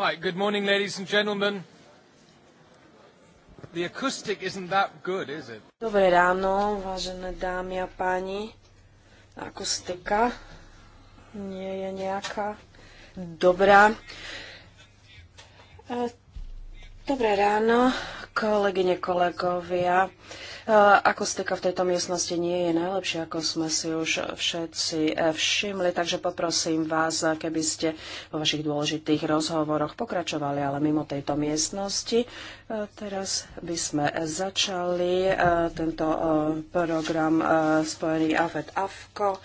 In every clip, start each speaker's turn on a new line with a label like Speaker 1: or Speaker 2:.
Speaker 1: Right, good morning, ladies and gentlemen.
Speaker 2: The acoustic isn't that good, is it? Dobré ráno, vážené dámy a páni. Akustika nie je nejaká dobrá. E, dobré ráno, kolegyne, kolegovia. Akustika v tejto miestnosti nie je najlepšia, ako sme si už všetci eh, všimli, takže poprosím vás, eh, keby ste vo vašich dôležitých rozhovoroch pokračovali, ale mimo tejto miestnosti. Eh, teraz by sme začali tento program spojený AFET-AFKO.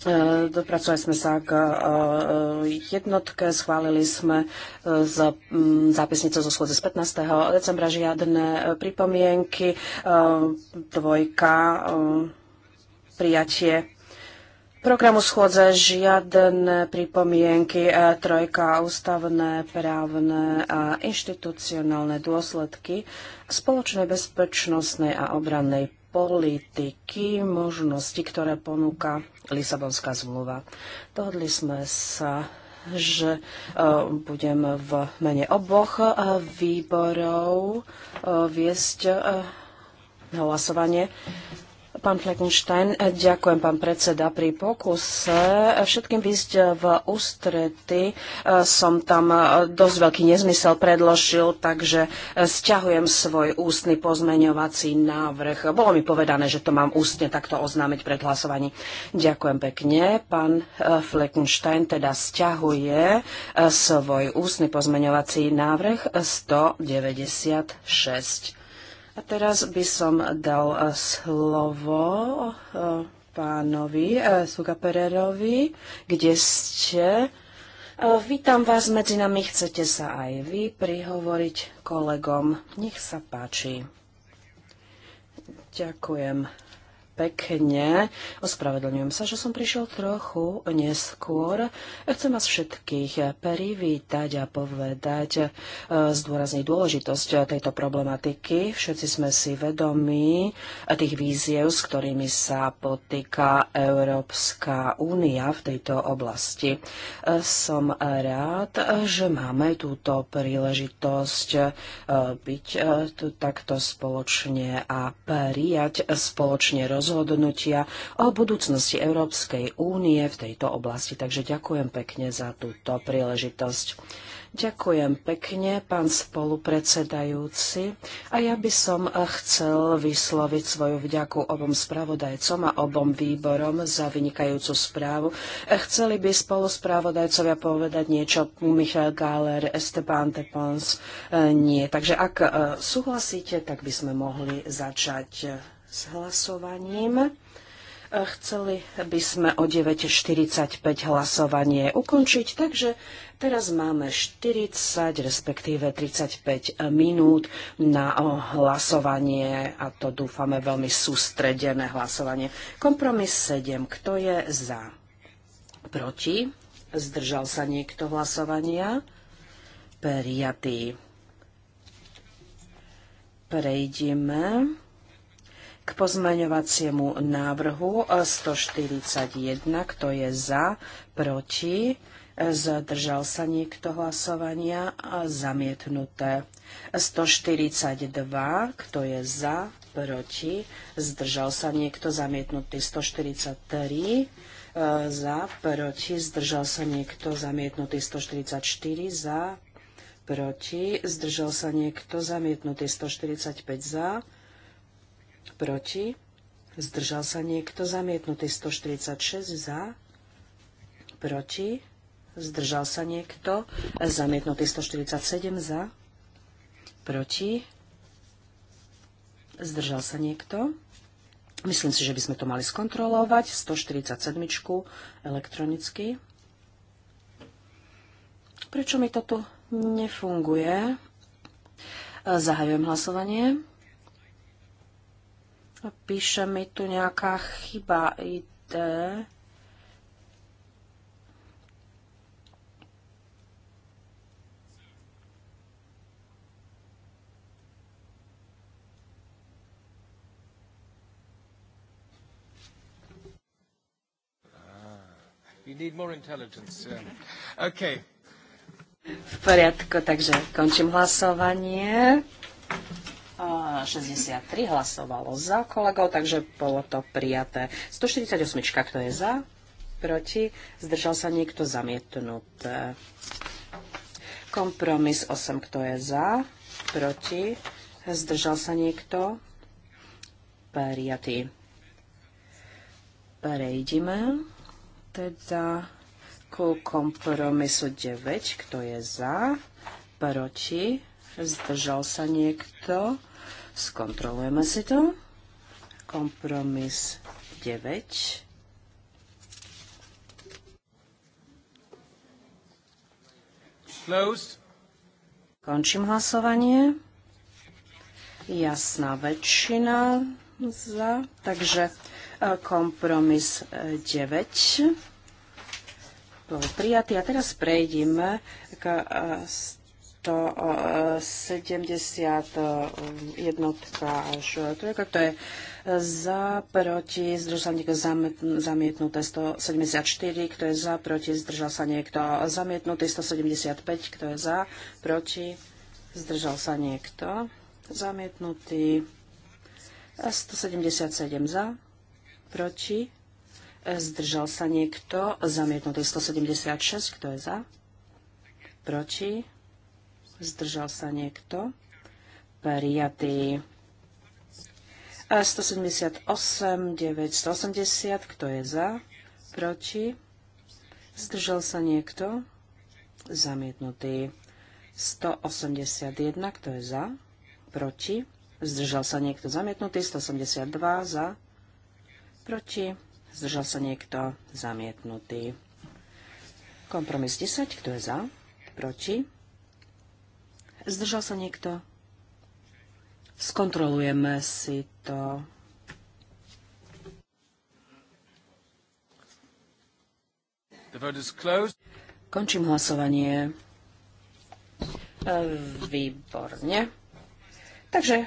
Speaker 2: E, dopracovali sme sa k e, jednotke, schválili sme e, zápisnicu zápisnice zo schôdze z 15. decembra žiadne pripomienky, dvojka, prijatie programu schôdze žiadne pripomienky, trojka ústavné, právne a inštitucionálne dôsledky spoločnej bezpečnostnej a obrannej politiky, možnosti, ktoré ponúka Lisabonská zmluva. Dohodli sme sa že e, budem v mene oboch e, výborov e, viesť hlasovanie Pán Fleckenstein, ďakujem, pán predseda. Pri pokuse všetkým výsť v ústrety e, som tam e, dosť veľký nezmysel predložil, takže e, stiahujem svoj ústny pozmeňovací návrh. Bolo mi povedané, že to mám ústne takto oznámiť pred hlasovaním. Ďakujem pekne. Pán Fleckenstein teda stiahuje svoj ústny pozmeňovací návrh 196. A teraz by som dal eh, slovo eh, pánovi eh, Suga Pererovi, kde ste. Vítam vás medzi nami, chcete sa aj vy prihovoriť kolegom. Nech sa páči. Ďakujem pekne. Ospravedlňujem sa, že som prišiel trochu neskôr. Chcem vás všetkých privítať a povedať, e, zdôrazniť dôležitosť tejto problematiky. Všetci sme si vedomí tých víziev, s ktorými sa potýka Európska únia v tejto oblasti. E, som rád, že máme túto príležitosť e, byť tu takto spoločne a prijať spoločne roz rozhodnutia o budúcnosti Európskej únie v tejto oblasti. Takže ďakujem pekne za túto príležitosť. Ďakujem pekne, pán spolupredsedajúci. A ja by som chcel vysloviť svoju vďaku obom spravodajcom a obom výborom za vynikajúcu správu. Chceli by spolu spravodajcovia povedať niečo Michal Gáler, Esteban Tepons? Eh, nie. Takže ak eh, súhlasíte, tak by sme mohli začať s hlasovaním. Chceli by sme o 9.45 hlasovanie ukončiť, takže teraz máme 40, respektíve 35 minút na hlasovanie a to dúfame veľmi sústredené hlasovanie. Kompromis 7. Kto je za? Proti? Zdržal sa niekto hlasovania? Prijatý. Prejdeme k pozmeňovaciemu návrhu 141. E, kto je za? Proti? E, zdržal sa niekto hlasovania? E, zamietnuté. 142. Kto je za? Proti? Zdržal sa niekto? Zamietnutý. 143 za, proti, zdržal sa niekto, zamietnutý 144, za, proti, zdržal sa niekto, zamietnutý 145, za, proti, zdržal sa niekto, zamietnutý 146 za, proti, zdržal sa niekto, zamietnutý 147 za, proti, zdržal sa niekto. Myslím si, že by sme to mali skontrolovať. 147 elektronicky. Prečo mi to tu nefunguje? Zahajujem hlasovanie. Píše mi tu nejaká chyba ID. Ah, v poriadku, takže končím hlasovanie. 63 hlasovalo za kolegov, takže bolo to prijaté. 148, kto je za, proti, zdržal sa niekto zamietnuté. Kompromis 8, kto je za, proti, zdržal sa niekto, prijatý. Prejdime teda ku kompromisu 9, kto je za, proti, Zdržal sa niekto? Skontrolujeme si to. Kompromis 9. Closed. Končím hlasovanie. Jasná väčšina za, takže e, kompromis 9 e, bol prijatý. A teraz prejdeme k e, 170 um, jednotka až trojka, to je za, proti, zdržal sa niekto zamietnuté 174, kto je za, proti, zdržal sa niekto zamietnutý 175, kto je za, proti, zdržal sa niekto zamietnutý 177 za, proti, zdržal sa niekto zamietnutý 176, kto je za, proti, Zdržal sa niekto? Prijatý. 178, 980, kto je za? Proti? Zdržal sa niekto? Zamietnutý. 181, kto je za? Proti? Zdržal sa niekto? Zamietnutý. 182, za? Proti? Zdržal sa niekto? Zamietnutý. Kompromis 10, kto je za? Proti? Zdržal sa niekto? Skontrolujeme si to. Končím hlasovanie. E, výborne. Takže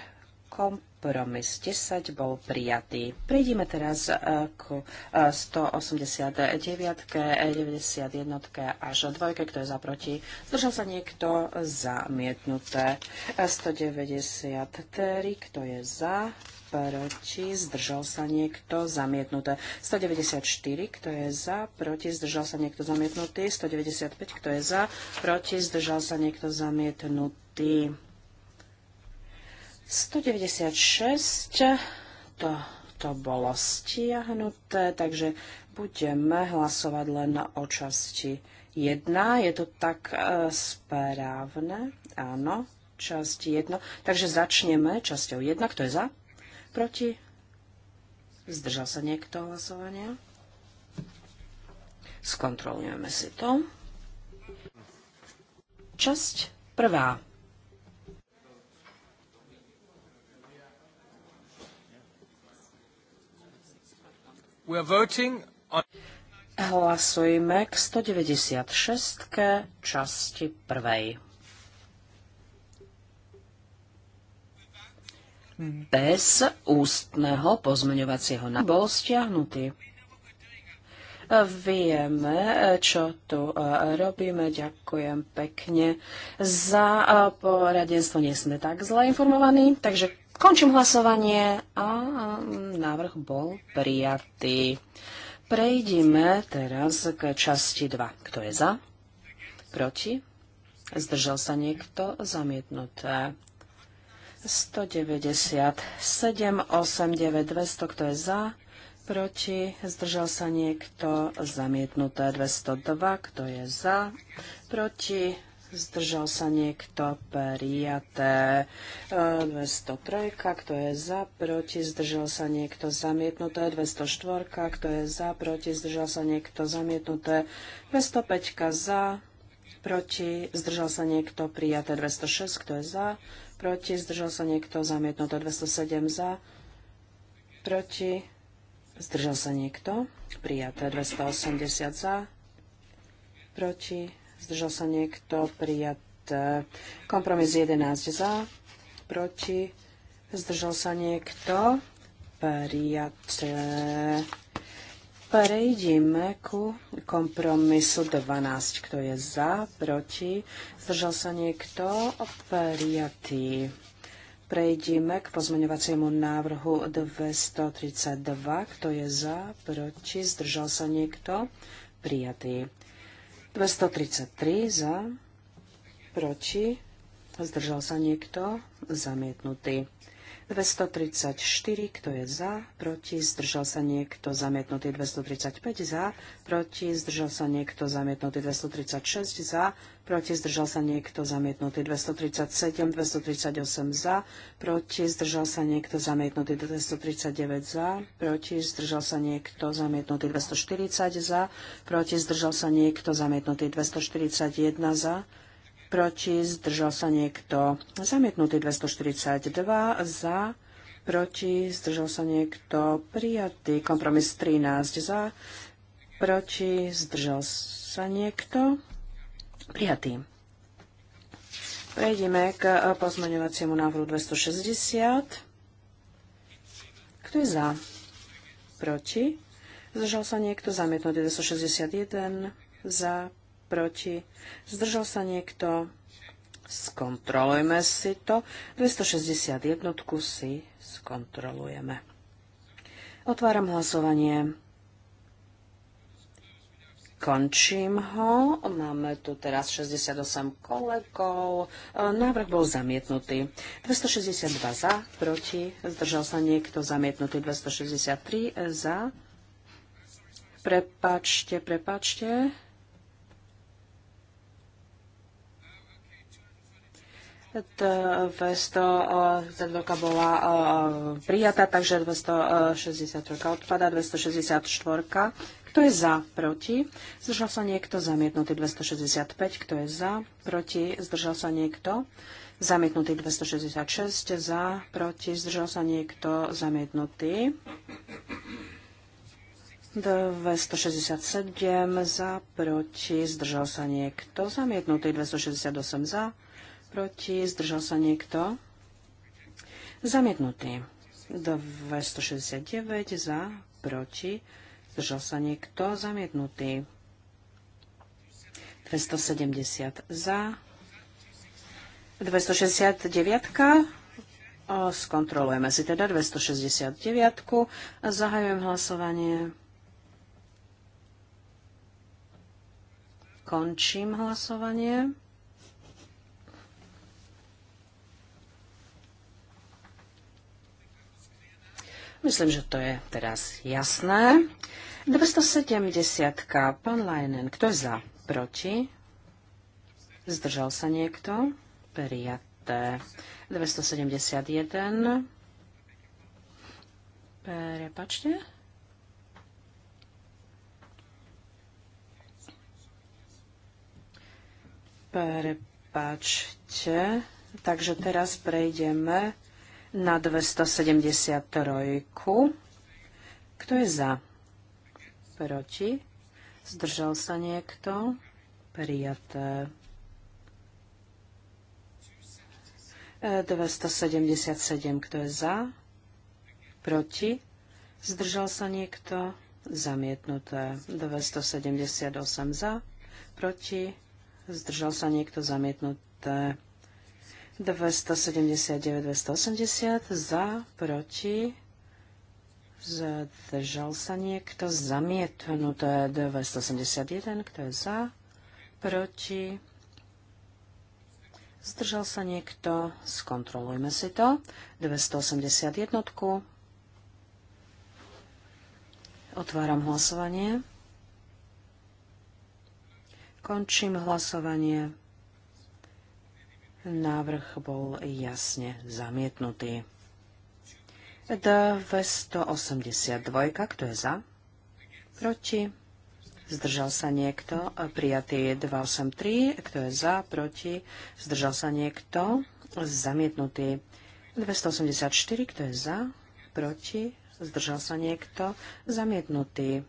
Speaker 2: komp- kompromis 10 bol prijatý. Prejdime teraz e, e, k 189, e, 91 až 2, kto je za proti. Zdržal sa niekto zamietnuté. 193, kto je za proti, zdržal sa niekto zamietnuté. 194, kto je za, proti, zdržal sa niekto zamietnutý. 195, kto je za, proti, zdržal sa niekto zamietnutý. 196 to, to bolo stiahnuté, takže budeme hlasovať len o časti 1. Je to tak e, správne? Áno, časť 1. Takže začneme časťou 1. Kto je za? Proti? Zdržal sa niekto hlasovania? Skontrolujeme si to. Časť prvá. Hlasujme k 196. časti prvej. Bez ústneho pozmeňovacieho návrhu bol stiahnutý. Vieme, čo tu e, robíme. Ďakujem pekne za e, poradenstvo. Nie sme tak zle informovaní, takže Končím hlasovanie a návrh bol prijatý. Prejdime teraz k časti 2. Kto je za? Proti? Zdržal sa niekto? Zamietnuté. 197, 8, 9, 200. Kto je za? Proti? Zdržal sa niekto? Zamietnuté. 202. Kto je za? Proti? Zdržal sa niekto prijaté. 203, e, kto je za, proti, zdržal sa niekto zamietnuté. 204, kto je za, proti, zdržal sa niekto zamietnuté. 205 za, proti, zdržal sa niekto prijaté. 206, kto je za, proti, zdržal sa niekto zamietnuté. 207 za, proti, zdržal sa niekto prijaté. 280 za, proti, Zdržal sa niekto? Prijaté. Kompromis 11 za. Proti. Zdržal sa niekto? Prijat. Prejdime ku kompromisu 12. Kto je za, proti, zdržal sa niekto, prijatý. Prejdime k pozmeňovaciemu návrhu 232. Kto je za, proti, zdržal sa niekto, prijatý. 233 za, proti, zdržal sa niekto, zamietnutý. 234, kto je za, proti, zdržal sa niekto, zamietnutý 235 za, proti, zdržal sa niekto, zamietnutý 236 za, proti, zdržal sa niekto, zamietnutý 237, 238 za, proti, zdržal sa niekto, zamietnutý 239 za, proti, zdržal sa niekto, zamietnutý 240 za, proti, zdržal sa niekto, zamietnutý 241 za, proti, zdržal sa niekto. Zamietnutý 242 za, proti, zdržal sa niekto. Prijatý kompromis 13 za, proti, zdržal sa niekto. Prijatý. Prejdeme k pozmeňovaciemu návrhu 260. Kto je za? Proti? Zdržal sa niekto? Zamietnutý 261. Za? proti, zdržal sa niekto, skontrolujme si to, 261 si skontrolujeme. Otváram hlasovanie. Končím ho. Máme tu teraz 68 kolegov. E, návrh bol zamietnutý. 262 za, proti. Zdržal sa niekto zamietnutý. 263 za. Prepačte, prepačte. 200 bola e, prijatá, takže 263 odpada, 264. Kto je za? Proti? Zdržal sa niekto? Zamietnutý 265. Kto je za? Proti? Zdržal sa niekto? Zamietnutý 266. Za? Proti? Zdržal sa niekto? Zamietnutý. 267 za, proti, zdržal sa niekto, zamietnutý 268 za, proti, zdržal sa niekto. Zamietnutý. 269 za, proti, zdržal sa niekto. Zamietnutý. 270 za. 269. Skontrolujeme si teda 269. Zahajujem hlasovanie. Končím hlasovanie. Myslím, že to je teraz jasné. 270. Pán Leinen, kto je za? Proti? Zdržal sa niekto? Prijaté. 271. Prepačte. Prepačte. Takže teraz prejdeme na 273. Kto je za? Proti? Zdržal sa niekto? Prijaté. 277. E, Kto je za? Proti? Zdržal sa niekto? Zamietnuté. 278 za. Proti? Zdržal sa niekto? Zamietnuté. 279, 280 za, proti, zdržal sa niekto, zamietnuté 281, kto je za, proti, zdržal sa niekto, skontrolujme si to, 281. Otváram hlasovanie. Končím hlasovanie. Návrh bol jasne zamietnutý. 282, kto je za? Proti? Zdržal sa niekto? Prijatý je 283, kto je za? Proti? Zdržal sa niekto? Zamietnutý. 284, kto je za? Proti? Zdržal sa niekto? Zamietnutý.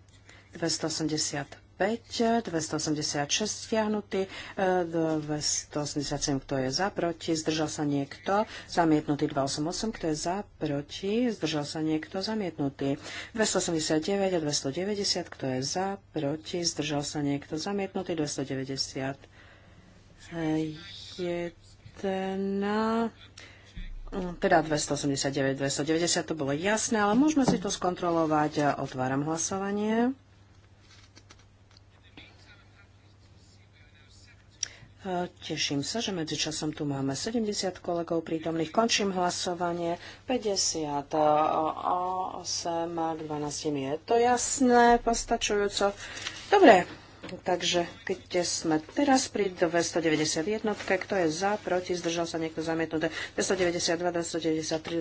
Speaker 2: 285 5, 286 stiahnutý, 287, e, kto je za, proti, zdržal sa niekto, zamietnutý 288, kto je za, proti, zdržal sa niekto, zamietnutý 289 a 290, kto je za, proti, zdržal sa niekto, zamietnutý 290. E, jedna teda 289, 290 to bolo jasné, ale môžeme si to skontrolovať. Otváram hlasovanie. E, teším sa, že medzi časom tu máme 70 kolegov prítomných. Končím hlasovanie. 58 k 12 je to jasné, postačujúco. Dobre, Takže keď sme teraz pri 291, kto je za, proti, zdržal sa niekto zamietnuté. 292, 293,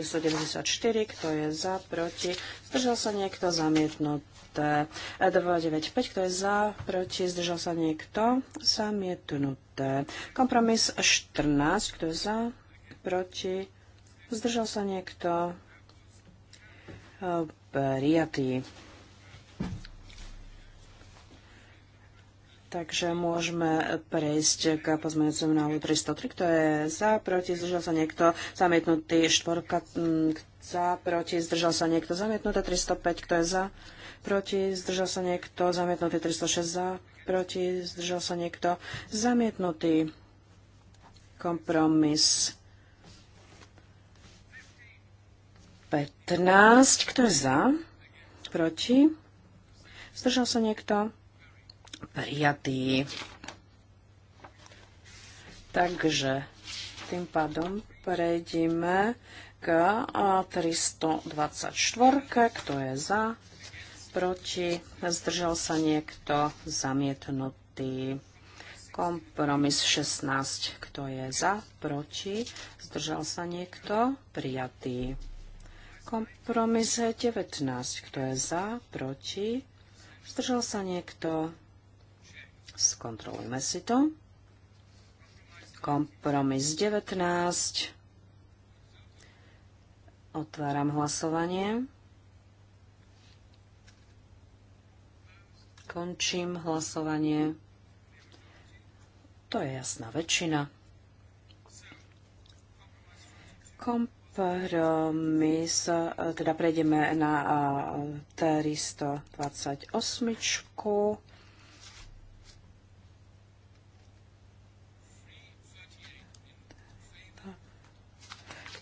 Speaker 2: 294, kto je za, proti, zdržal sa niekto zamietnuté. 295, kto je za, proti, zdržal sa niekto zamietnuté. Kompromis 14, kto je za, proti, zdržal sa niekto prijatý. Takže môžeme prejsť k pozmeňujúcemu návrhu 303, kto je za, proti, zdržal sa niekto, zamietnutý, štvorka, mm, za, proti, zdržal sa niekto, zamietnuté, 305, kto je za, proti, zdržal sa niekto, zamietnutý, 306 za, proti, zdržal sa niekto, zamietnutý, kompromis 15, kto je za, proti, zdržal sa niekto, prijatý. Takže tým pádom prejdeme k 324, kto je za, proti, zdržal sa niekto, zamietnutý. Kompromis 16, kto je za, proti, zdržal sa niekto, prijatý. Kompromis 19, kto je za, proti, zdržal sa niekto, Skontrolujme si to. Kompromis 19. Otváram hlasovanie. Končím hlasovanie. To je jasná väčšina. Kompromis, eh, teda prejdeme na 328. Eh,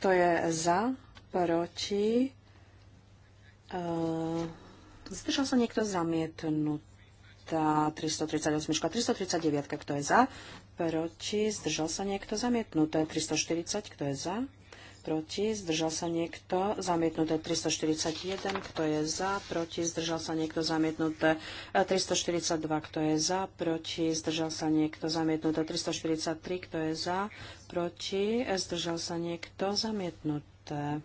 Speaker 2: Kto je za? Proti? E, zdržal sa niekto zamietnutá? 338. 339. Kto je za? Proti? Zdržal sa niekto zamietnuté? 340. Kto je za? proti, zdržal sa niekto, zamietnuté 341, kto je za, proti, zdržal sa niekto, zamietnuté 342, e, kto je za, proti, zdržal sa niekto, zamietnuté 343, kto je za, proti, e, zdržal sa niekto, zamietnuté.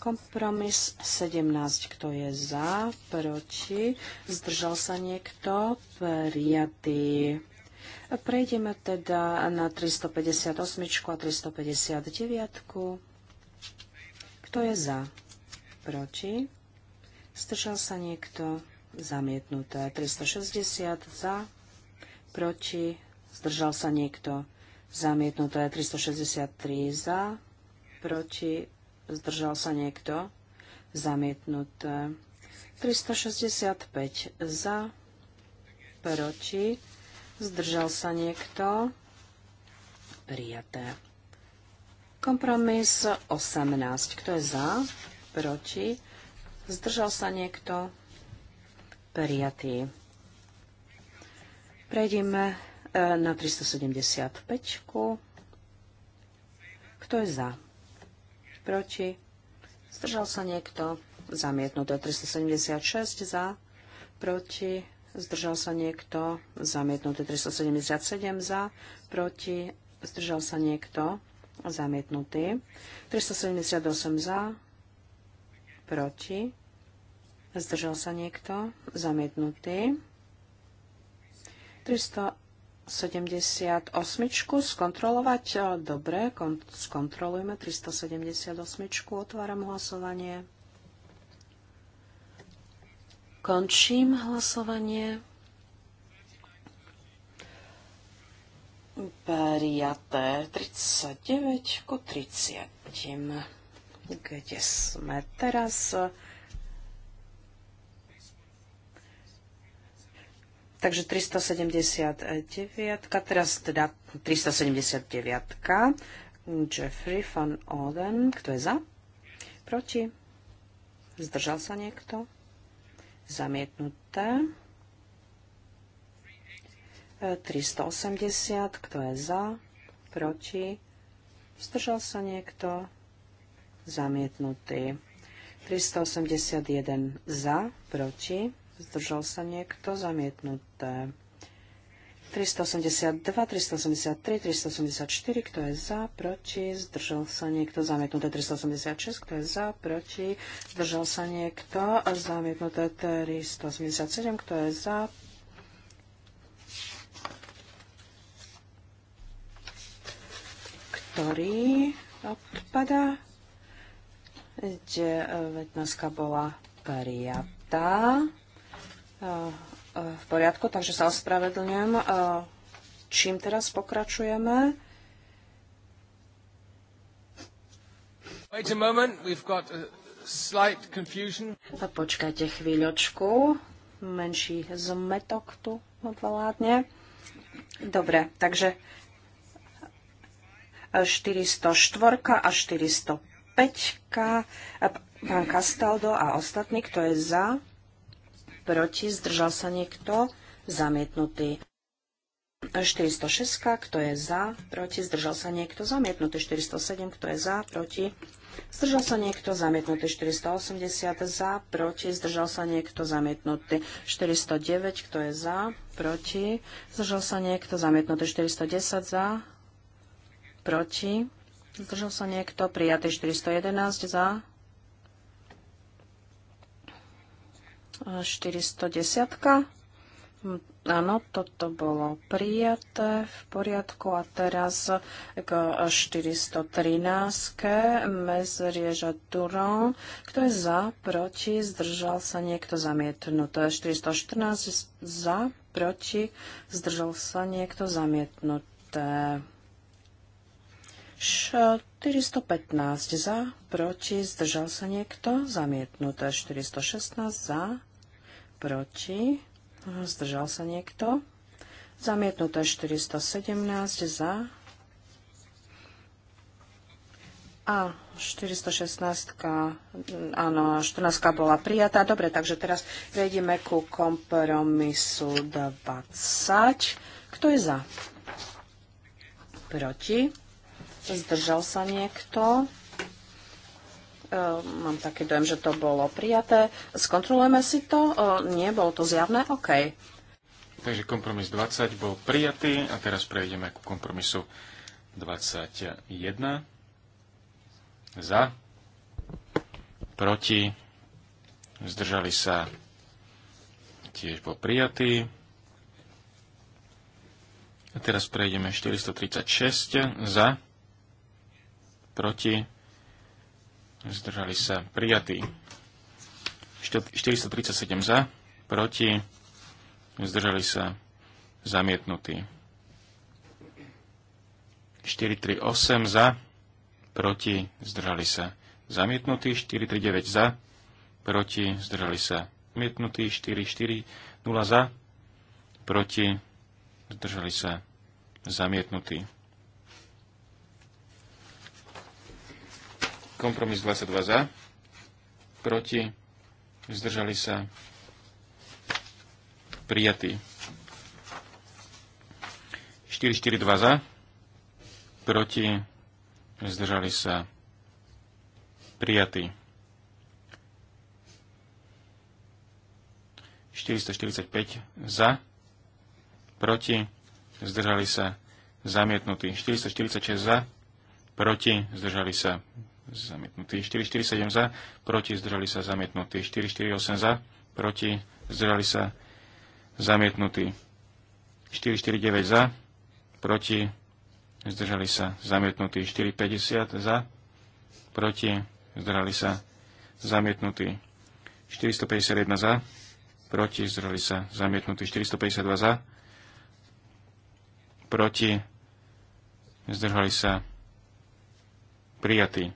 Speaker 2: Kompromis 17, kto je za, proti, zdržal sa niekto, prijatý. Prejdeme teda na 358 a 359. Kto je za? Proti? Zdržal sa niekto? Zamietnuté. 360 za? Proti? Zdržal sa niekto? Zamietnuté. 363 za? Proti? Zdržal sa niekto? Zamietnuté. 365 za? Proti? Zdržal sa niekto? Prijaté. Kompromis 18. Kto je za? Proti? Zdržal sa niekto? Prijatý. Prejdime e, na 375. Kto je za? Proti? Zdržal sa niekto? Zamietnuté 376 za, proti, zdržal sa niekto, zamietnuté 377 za, proti, zdržal sa niekto, Zamietnutý. 378 za. Proti. Zdržal sa niekto? Zamietnutý. 378 skontrolovať? Dobre, skontrolujme 378. Otváram hlasovanie. Končím hlasovanie. prijaté 39 ku 30. Kde sme teraz? Takže 379, teraz teda 379, Jeffrey van Oden, kto je za? Proti? Zdržal sa niekto? Zamietnuté. 380, kto je za, proti, zdržal sa niekto, zamietnutý. 381 za, proti, zdržal sa niekto, zamietnuté. 382, 383, 384, kto je za, proti, zdržal sa niekto, zamietnuté 386, kto je za, proti, zdržal sa niekto, zamietnuté 387, kto je za, ktorý odpada. E, Veď 15 bola prijatá. E, e, v poriadku, takže sa ospravedlňujem. Čím teraz pokračujeme? Wait a moment, we've got a slight confusion. Počkajte chvíľočku, menší zmetok tu odvládne. Dobre, takže 404 a 405. Pán Castaldo a ostatní, kto je za, proti, zdržal sa niekto, zamietnutý. 406, kto je za, proti, zdržal sa niekto, zamietnutý. 407, kto je za, proti, Zdržal sa niekto zamietnutý 480 za, proti, zdržal sa niekto zamietnutý 409, kto je za, proti, zdržal sa niekto zamietnutý 410 za, proti, zdržal sa niekto, prijatý 411 za, 410. Áno, toto bolo prijaté v poriadku a teraz k 413. Mezrieža Turon. Kto je za, proti, zdržal sa niekto zamietnuté. 414 za, proti, zdržal sa niekto zamietnuté. 415 za, proti, zdržal sa niekto, zamietnuté 416 za, proti, zdržal sa niekto, zamietnuté 417 za a 416, áno, 14 bola prijatá. Dobre, takže teraz prejdeme ku kompromisu 20. Kto je za? Proti? Zdržal sa niekto? Ehm, mám taký dojem, že to bolo prijaté. Skontrolujeme si to? Ehm, nie, bolo to zjavné? OK.
Speaker 1: Takže kompromis 20 bol prijatý a teraz prejdeme ku kompromisu 21. Za, proti, zdržali sa, tiež bol prijatý. A teraz prejdeme 436 za, proti, zdržali sa prijatí. 437 za, proti, zdržali sa zamietnutí. 438 za, proti, zdržali sa zamietnutí. 439 za, proti, zdržali sa zamietnutí. 440 za, proti, zdržali sa zamietnutí. Kompromis 22 za. Proti. Zdržali sa. Prijatý. 442 za. Proti. Zdržali sa. Prijatý. 445 za. Proti. Zdržali sa. Zamietnutý. 446 za. Proti. Zdržali sa zamietnutý. 447 za, proti, zdržali sa zamietnutí. 448 za, proti, zdržali sa zamietnutí. 449 za, proti, zdržali sa zamietnutí. 450 za, proti, zdržali sa zamietnutí. 451 za, proti, zdržali sa zamietnutí. 452 za, proti, zdržali sa prijatí.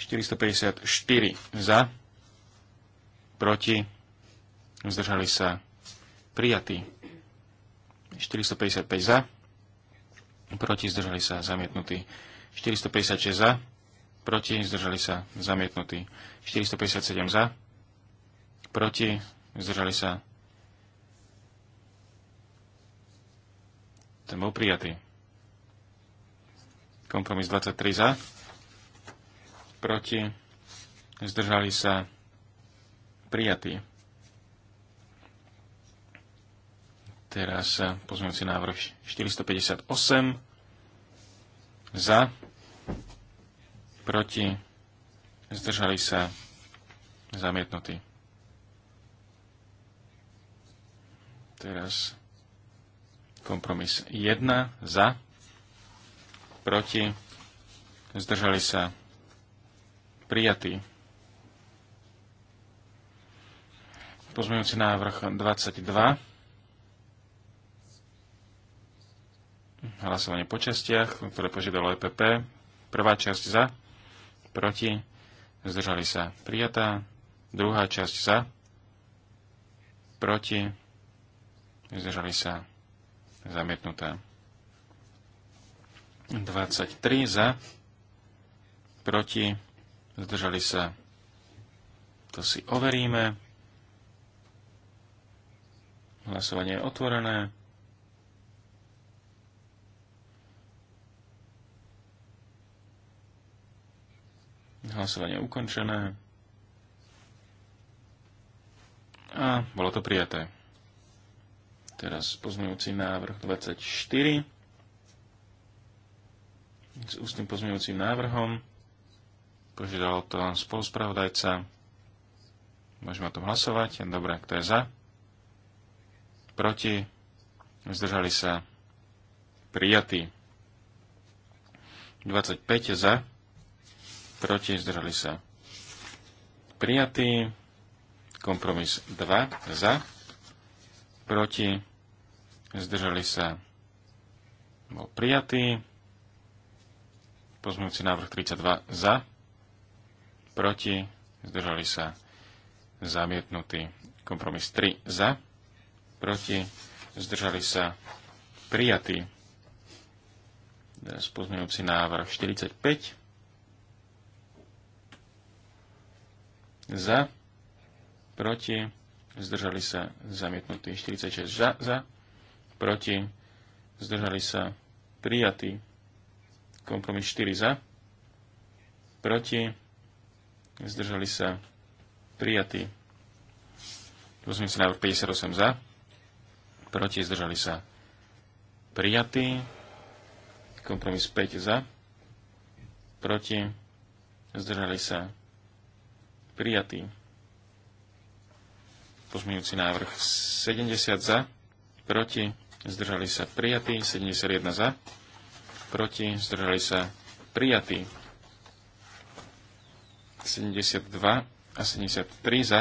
Speaker 1: 454 za, proti, zdržali sa prijatí. 455 za, proti, zdržali sa zamietnutí. 456 za, proti, zdržali sa zamietnutí. 457 za, proti, zdržali sa. Ten bol prijatý. Kompromis 23 za, proti, zdržali sa prijatí. Teraz pozmeňujúci návrh 458 za, proti, zdržali sa zamietnutí. Teraz kompromis 1 za, proti, zdržali sa prijatý. Pozmeňujúci návrh 22. Hlasovanie po častiach, ktoré požiadalo EPP. Prvá časť za, proti, zdržali sa prijatá. Druhá časť za, proti, zdržali sa zamietnutá. 23 za, proti, zdržali sa, to si overíme. Hlasovanie je otvorené. Hlasovanie je ukončené. A bolo to prijaté. Teraz pozmeňujúci návrh 24 s ústnym pozmeňujúcim návrhom. Požiadal to spoluspravodajca. Môžeme o tom hlasovať. Dobre, kto je za? Proti? Zdržali sa? Prijatí. 25 za. Proti? Zdržali sa? Prijatí. Kompromis 2 za. Proti? Zdržali sa? Bol prijatý. Pozmujúci návrh 32 za proti, zdržali sa zamietnutý. Kompromis 3 za, proti, zdržali sa prijatý. Teraz návrh 45 za, proti, zdržali sa zamietnutí 46 za, za, proti, zdržali sa prijatí, kompromis 4 za, proti, zdržali sa prijatí. Pozmeňujúci návrh 58 za, proti zdržali sa prijatí. Kompromis 5 za, proti zdržali sa prijatí. Pozmeňujúci návrh 70 za, proti zdržali sa prijatí, 71 za, proti zdržali sa prijatí. 72 a 73 za,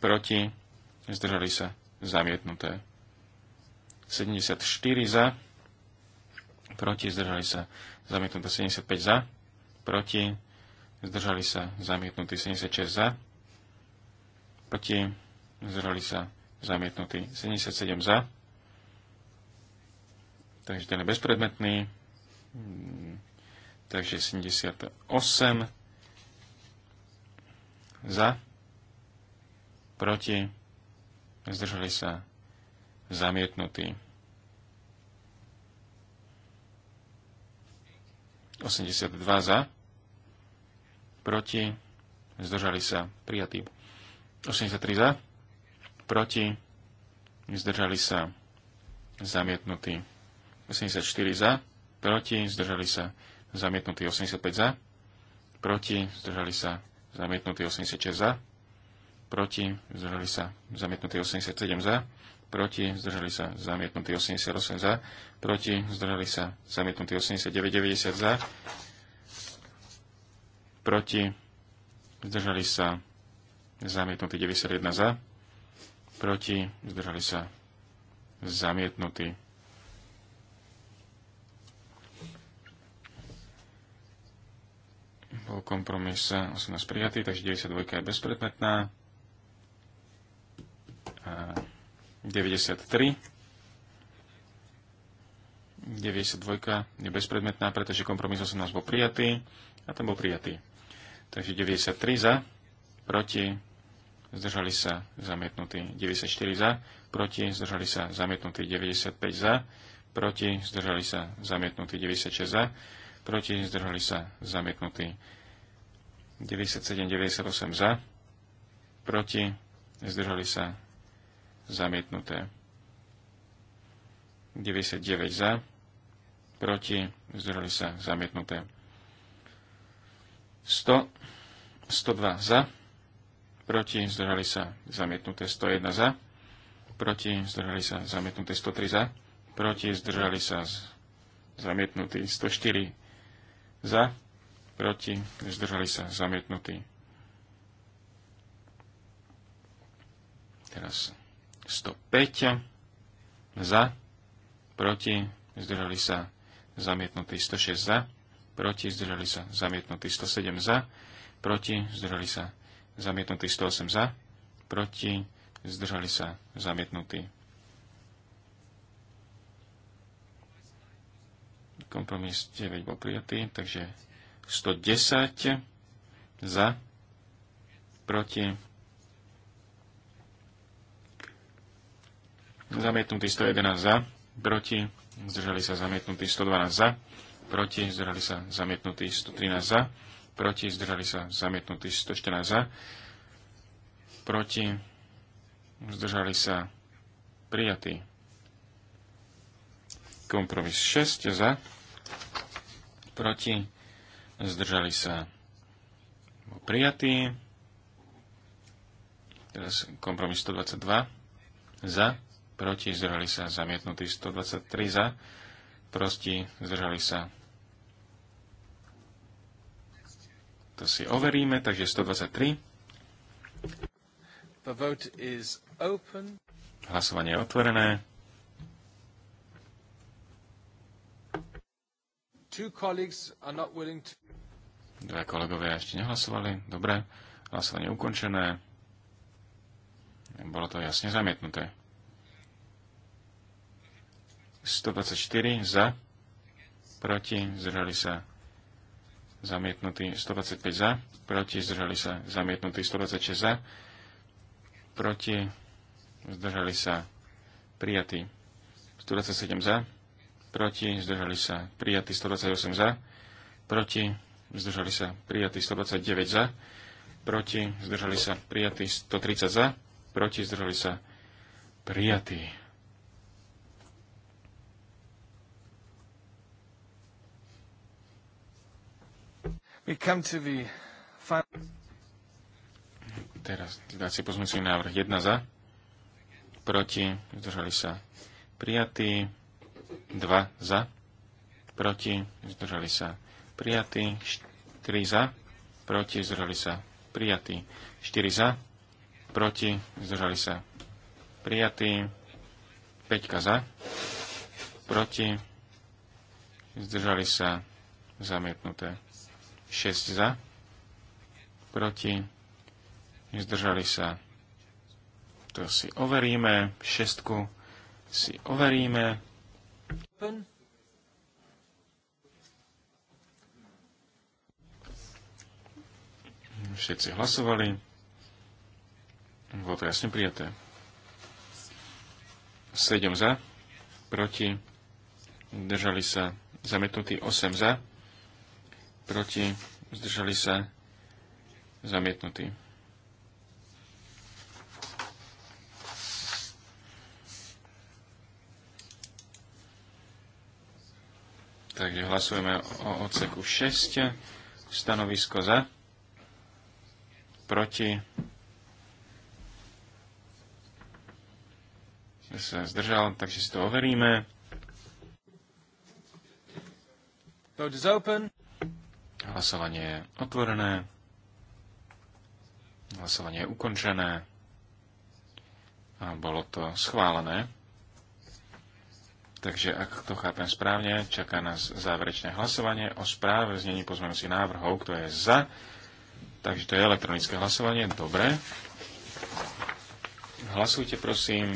Speaker 1: proti, zdržali sa zamietnuté. 74 za, proti, zdržali sa zamietnuté 75 za, proti, zdržali sa zamietnutí 76 za, proti, zdržali sa zamietnutí 77 za, takže ten je bezpredmetný, mm, takže 78 za, proti, zdržali sa zamietnutí. 82 za, proti, zdržali sa prijatí. 83 za, proti, zdržali sa zamietnutí. 84 za, proti, zdržali sa zamietnutí. 85 za, proti, zdržali sa zamietnutý 86 za, proti, zdržali sa, zamietnutý 87 za, proti, zdržali sa, zamietnutý 88 za, proti, zdržali sa, zamietnutý 89, 90 za, proti, zdržali sa, zamietnutý 91 za, proti, zdržali sa, zamietnutý kompromis 18 prijatý, takže 92 je bezpredmetná. 93. 92 je bezpredmetná, pretože kompromis 18 bol prijatý a tam bol prijatý. Takže 93 za, proti, zdržali sa zamietnutí 94 za, proti, zdržali sa zamietnutí 95 za, proti, zdržali sa zamietnutí 96 za, proti, zdržali sa zamietnutí 97-98 za, proti, zdržali sa zamietnuté. 99 za, proti, zdržali sa zamietnuté. 100, 102 za, proti, zdržali sa zamietnuté. 101 za, proti, zdržali sa zamietnuté. 103 za, proti, zdržali sa zamietnutí. 104 za, proti, zdržali sa zamietnutí. Teraz 105 za, proti, zdržali sa zamietnutí 106 za, proti, zdržali sa zamietnutí 107 za, proti, zdržali sa zamietnutí 108 za, proti, zdržali sa zamietnutí. Kompromis 9 bol prijatý, takže 110 za, proti, zamietnutý 111 za, proti, zdržali sa zamietnutí 112 za, proti, zdržali sa zamietnutí 113 za, proti, zdržali sa zamietnutí 114 za, proti, zdržali sa prijatí. Kompromis 6 za, proti, zdržali sa prijatí. Teraz kompromis 122 za, proti zdržali sa zamietnutý 123 za, prosti zdržali sa. To si overíme, takže 123. The vote is open. Hlasovanie je otvorené. Two colleagues are not willing to... Dva kolegovia ešte nehlasovali. Dobre. Hlasovanie ukončené. Bolo to jasne zamietnuté. 124 za, proti, zdržali sa zamietnutí 125 za, proti, zdržali sa zamietnutí 126 za, proti, zdržali sa prijatí 127 za, proti, zdržali sa prijatí 128 za, proti, zdržali sa prijatí 129 za, proti, zdržali sa prijatí 130 za, proti, zdržali sa prijatí. We come to the final... Teraz dáci pozmyslený návrh 1 za, proti, zdržali sa prijatí, 2 za, proti, zdržali sa prijatí prijatý, 4 za, proti, zdržali sa, prijatý, 4 za, proti, zdržali sa, prijatý, 5 za, proti, zdržali sa, zamietnuté, 6 za, proti, zdržali sa, to si overíme, 6 si overíme. Open. Všetci hlasovali. Bolo to jasne prijaté. 7 za, proti, zdržali sa zamietnutí 8 za, proti, zdržali sa zamietnutí. Takže hlasujeme o odseku 6, stanovisko za proti, sa zdržal, takže si to overíme. Vote is open. Hlasovanie je otvorené. Hlasovanie je ukončené. A bolo to schválené. Takže ak to chápem správne, čaká nás záverečné hlasovanie o správe v znení pozmenujúcich návrhov, kto je za, Takže to je elektronické hlasovanie. Dobre. Hlasujte, prosím.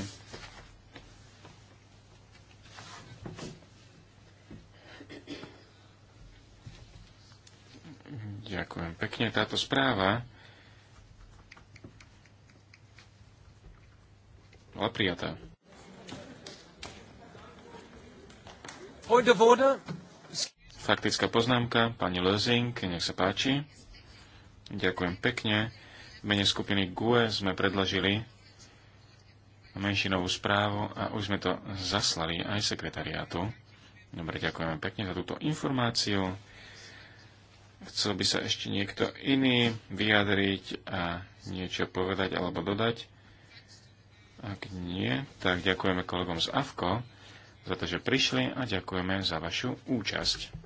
Speaker 1: Ďakujem pekne. Táto správa bola prijatá. Faktická poznámka, pani Lozing, nech sa páči. Ďakujem pekne. V mene skupiny GUE sme predložili menšinovú správu a už sme to zaslali aj sekretariátu. Dobre, ďakujeme pekne za túto informáciu. Chcel by sa ešte niekto iný vyjadriť a niečo povedať alebo dodať? Ak nie, tak ďakujeme kolegom z AFKO za to, že prišli a ďakujeme za vašu účasť.